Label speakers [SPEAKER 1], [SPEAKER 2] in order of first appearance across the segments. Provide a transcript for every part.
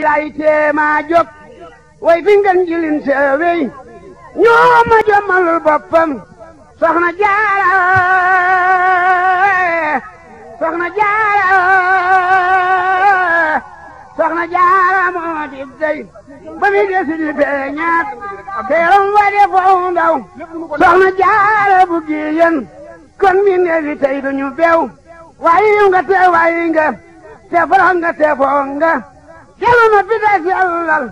[SPEAKER 1] lay teema jóg way fi ngeen jilin seewey ñoo ma jommalul boppam soxna jaara soxna jaara jaara moo di dey ba mi desi di feeñaat teeram wa de foofu ndaw soxna jaara bu giyen kon mi neefi tey duñu bew waaye nga te nga te forox nga te foog yàlla na fi des yàllal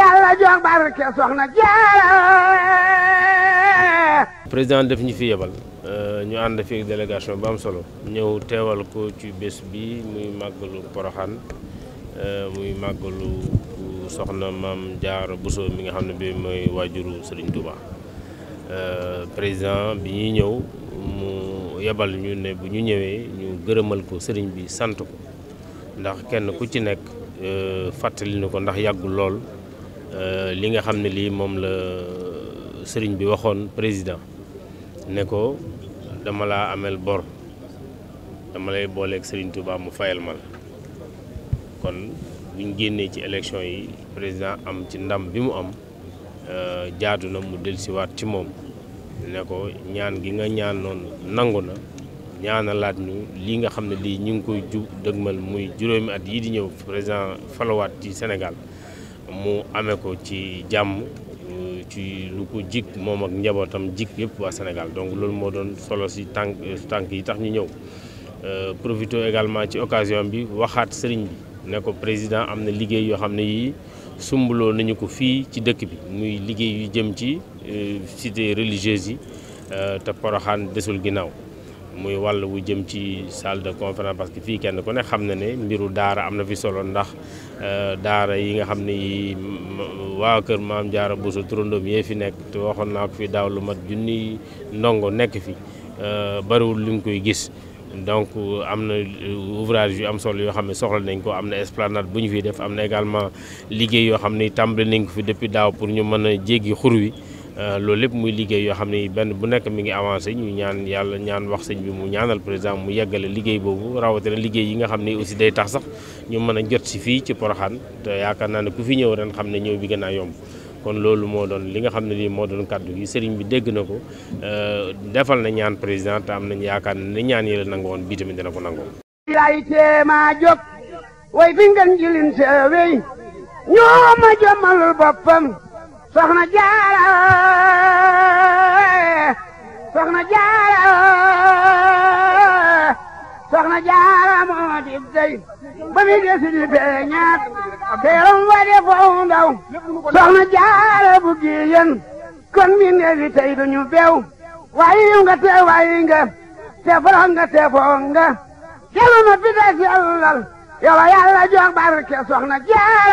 [SPEAKER 1] yàlla barke soxna jaara
[SPEAKER 2] président def ñu fi yebal euh, ñu ànd fi ak délégation bu am solo ñëw teewal ko ci bés bi muy màggalu Poroxaan euh, muy màggalu soxna maam Jaara Bousso mi nga xam ne bi mooy waajuru Sëriñ Tuuba euh, président bi ñuy ñëw mu yebal ñu ne bu ñu ñëwee ñu gërëmal ko sëriñ bi sant ko ndax kenn ku ci nekk Euh, fàttali na ko ndax yàggul lool euh, li nga xam ne lii moom la sëriñ bi waxoon président ne ko dama laa amel bor dama lay booleeg sëriñ Touba mu fayal ma la kon buñ génnee ci élection yi président am ci ndam bi mu am euh, jaatu na mu dellusiwaat ci moom ne ko ñaan gi nga ñaan noonu nangu na ñaanalaat ñu lii nga xam ne lii ñu ngi koy jub dëgmal muy juróomi at yii di ñëw président falawaat ci Sénégal mu amee ko ci jàmm ci lu ko jik moom ak njabootam jik yëpp waa Sénégal donc loolu moo doon solo si tànk tànk yi tax ñu ñëw euh, profité également ci occasion bi waxaat sëriñ ne ko président am na liggéey yoo xam ne yii sumbuloo nañu ko fii ci dëkk bi muy liggéey yu jëm ci euh, cité religieuse yi euh, te Porokhane desul ginnaaw muy wàll wu jëm ci salle de conférence parce que fii kenn ku ne xam na ne mbiru daara am na fi solo ndax euh, daara yi nga xam ne waa kër maam Jaara Bousso turandoom yee fi nekk te waxoon naa ko fi daaw lu mat junni ndongo nekk fi euh, bariwul lu nga koy gis donc am na euh, ouvrage yu am solo yoo xam ne soxla nañ ko am na esplanade bu ñu fi def am na également liggéey yoo xam ne tàmbali nañ ko fi depuis daaw pour ñu mën a jéggi xur wi Euh, loolu lépp muy liggéey yoo xam ne benn bu nekk mi ngi avancé ñu ñaan yàlla ñaan wax sëñ bi mu ñaanal président mu yeggale liggéey boobu rawatina liggéey yi nga xam ne aussi day tax sax ñu mën a jot si fii ci Porokhane te yaakaar naa ne ku fi ñëw ren xam ne ñëw bi gën a yomb kon loolu moo doon li nga xam ne lii moo doon kàddu gi sëriñ bi dégg na ko euh, defal na ñaan président te am nañ yaakaar ne ñaan yi la woon bii tamit dina ko nangoo.
[SPEAKER 1] soxna jaara soxna na soxna jaara moo di dey ba mi desi di feeñaat teeram wa de foofu ndaw soxna jaara bu giyen kon mi ne di tey du ñu beew waayi nga te waayi nga te forox nga te foo nga jelu na fi des yàllal yow a yàlla jox barke soxna jaara